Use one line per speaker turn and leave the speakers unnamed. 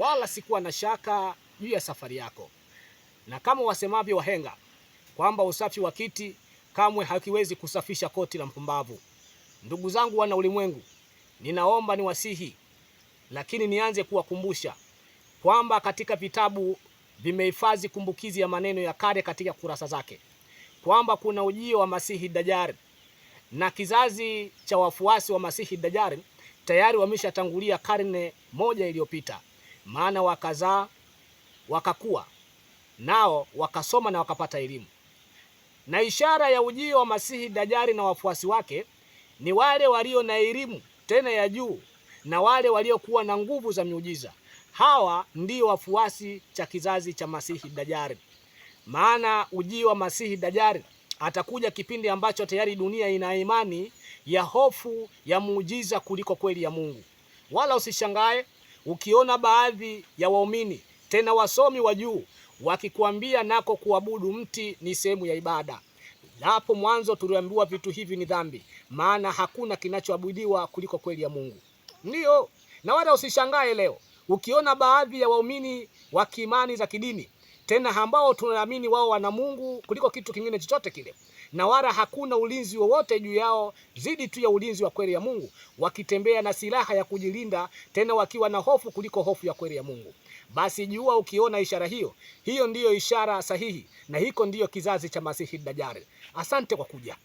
wala sikuwa na shaka juu ya safari yako, na kama wasemavyo wahenga kwamba usafi wa kiti kamwe hakiwezi kusafisha koti la mpumbavu. Ndugu zangu wana ulimwengu, ninaomba niwasihi, lakini nianze kuwakumbusha kwamba katika vitabu vimehifadhi kumbukizi ya maneno ya kale katika kurasa zake kwamba kuna ujio wa Masihi Dajari na kizazi cha wafuasi wa Masihi Dajari tayari wameshatangulia karne moja iliyopita maana wakazaa wakakuwa nao wakasoma na wakapata elimu. Na ishara ya ujio wa Masihi Dajari na wafuasi wake ni wale walio na elimu tena ya juu na wale waliokuwa na nguvu za miujiza. Hawa ndio wafuasi cha kizazi cha Masihi Dajari. Maana ujio wa Masihi Dajari atakuja kipindi ambacho tayari dunia ina imani ya hofu ya muujiza kuliko kweli ya Mungu. Wala usishangae Ukiona baadhi ya waumini tena wasomi wa juu wakikuambia nako kuabudu mti ni sehemu ya ibada, hapo mwanzo tuliambiwa vitu hivi ni dhambi, maana hakuna kinachoabudiwa kuliko kweli ya Mungu. ndio na wala usishangae leo ukiona baadhi ya waumini wa kiimani za kidini tena ambao tunaamini wao wana Mungu kuliko kitu kingine chochote kile, na wala hakuna ulinzi wowote juu yao zidi tu ya ulinzi wa kweli ya Mungu, wakitembea na silaha ya kujilinda, tena wakiwa na hofu kuliko hofu ya kweli ya Mungu. Basi jua ukiona ishara hiyo, hiyo ndiyo ishara sahihi, na hiko ndiyo kizazi cha Masihi Dajjal. Asante kwa kuja.